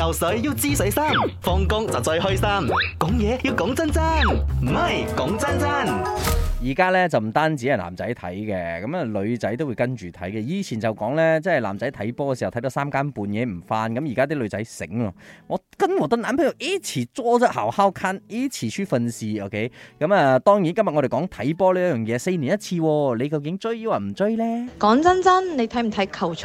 游水要知水深，放工就最開心。講嘢要講真真，唔係講真真。而家咧就唔單止係男仔睇嘅，咁啊女仔都會跟住睇嘅。以前就講咧，即係男仔睇波嘅時候睇到三更半夜唔瞓。咁而家啲女仔醒啊，我跟我的男朋友一起坐喺後好坑，一起出粉事。OK，咁啊，當然今日我哋講睇波呢一樣嘢，四年一次啊。你究竟追或唔追咧？講真真，你睇唔睇球賽？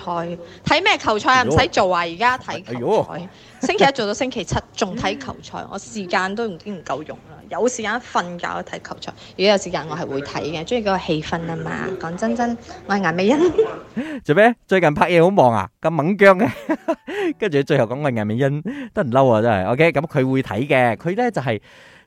睇咩球賽啊？唔使做啊！而家睇星期一做到星期七仲睇 球賽，我時間都已經唔夠用啦。有時間瞓覺睇球賽，如果有時間我係會睇嘅，中意嗰個氣氛啊嘛。講真真，我係顏美欣 做咩？最近拍嘢好忙啊，咁猛姜嘅，跟 住最後講個顏美欣得唔嬲啊，真係 OK。咁佢會睇嘅，佢咧就係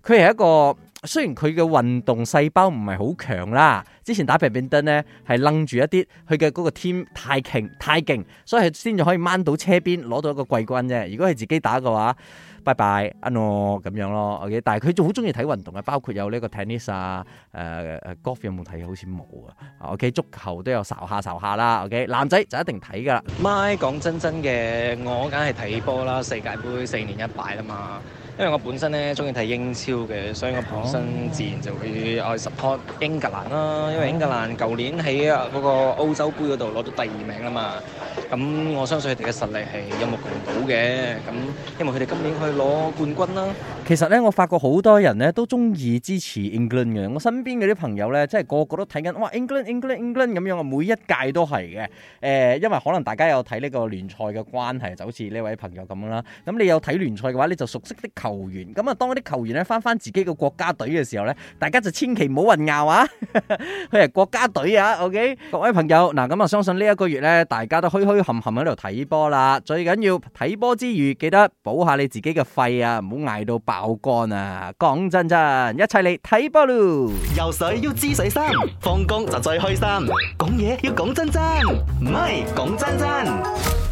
佢係一個。雖然佢嘅運動細胞唔係好強啦，之前打乒乓球咧係愣住一啲，佢嘅嗰個 team 太勁太勁，所以佢先至可以掹到車邊攞到一個季軍啫。如果係自己打嘅話，拜拜啊，我咁樣咯。O K，但係佢仲好中意睇運動啊，包括有呢個 tennis 啊，誒、呃、誒、啊、golf 有冇睇？好似冇啊。O、OK, K，足球都有睄下睄下啦。O、OK, K，男仔就一定睇噶啦。My 講真真嘅，我梗係睇波啦，世界盃四年一擺啦嘛。因為我本身咧中意睇英超嘅，所以我本身自然就會愛 support 英格蘭啦。因為英格蘭舊年喺嗰個歐洲盃嗰度攞到第二名吖嘛，咁我相信佢哋嘅實力係有目共睹嘅。咁希望佢哋今年可以攞冠軍啦。其實咧，我發覺好多人咧都中意支持 England 嘅。我身邊嗰啲朋友咧，即係個個都睇緊哇，England，England，England 咁樣啊，每一屆都係嘅。誒、呃，因為可能大家有睇呢個聯賽嘅關係，就好似呢位朋友咁樣啦。咁你有睇聯賽嘅話，你就熟悉啲球員。咁啊，當啲球員咧翻翻自己嘅國家隊嘅時候咧，大家就千祈唔好混淆啊。佢係國家隊啊，OK？各位朋友，嗱，咁啊，相信呢一個月咧，大家都墟墟冚冚，喺度睇波啦。最緊要睇波之餘，記得補下你自己嘅肺啊，唔好捱到白。口乾啊！講真真，一齊嚟睇波咯！游水要知水深，放工就最開心。講嘢要講真真，唔係講真真。